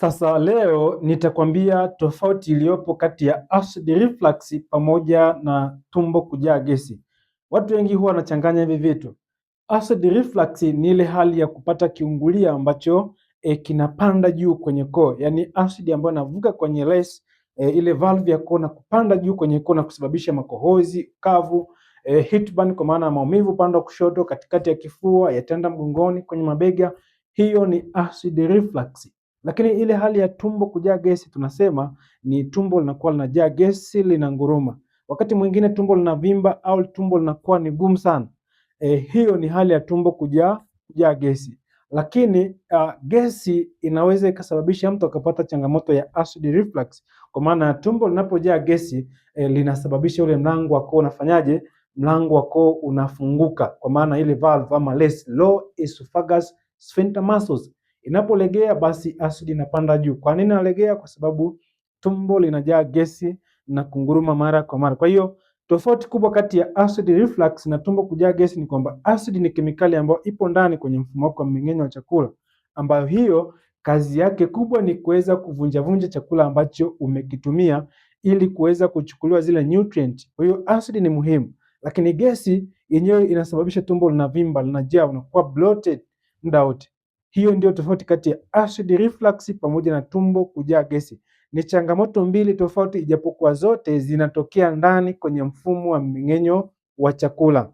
Sasa leo nitakwambia tofauti iliyopo kati ya acid reflux pamoja na tumbo kujaa gesi. Watu wengi huwa wanachanganya hivi vitu. Acid reflux ni ile hali ya kupata kiungulia ambacho e, kinapanda juu kwenye koo, yaani acid ambayo inavuka kwenye res e, eh, ile valve ya koo na kupanda juu kwenye koo na kusababisha makohozi, kavu e, burn kwa maana ya maumivu upande wa kushoto, katikati ya kifua, yataenda mgongoni, kwenye mabega. Hiyo ni acid reflux. Lakini ile hali ya tumbo kujaa gesi tunasema ni tumbo linakuwa linajaa gesi, linanguruma. Wakati mwingine tumbo linavimba au tumbo linakuwa ni gumu sana. E, hiyo ni hali ya tumbo kujaa kujaa gesi. Lakini uh, gesi inaweza ikasababisha mtu akapata changamoto ya acid reflux, kwa maana tumbo linapojaa gesi e, linasababisha ule mlango wa koo unafanyaje? Mlango wa koo unafunguka, kwa maana ile valve ama less low esophagus sphincter muscles Inapolegea basi asidi inapanda juu. Kwa nini inalegea? Kwa sababu tumbo linajaa gesi na kunguruma mara kwa mara. Kwa hiyo tofauti kubwa kati ya acid reflux na tumbo kujaa gesi ni kwamba acid ni kemikali ambayo ipo ndani kwenye mfumo wako wa mmeng'enyo wa chakula, ambayo hiyo kazi yake kubwa ni kuweza kuvunjavunja chakula ambacho umekitumia ili kuweza kuchukuliwa zile nutrient. Kwa hiyo acid ni muhimu, lakini gesi yenyewe inasababisha tumbo linavimba, linajaa, unakuwa bloated muda wote. Hiyo ndio tofauti kati ya acid reflux pamoja na tumbo kujaa gesi. Ni changamoto mbili tofauti, ijapokuwa zote zinatokea ndani kwenye mfumo wa mmeng'enyo wa chakula.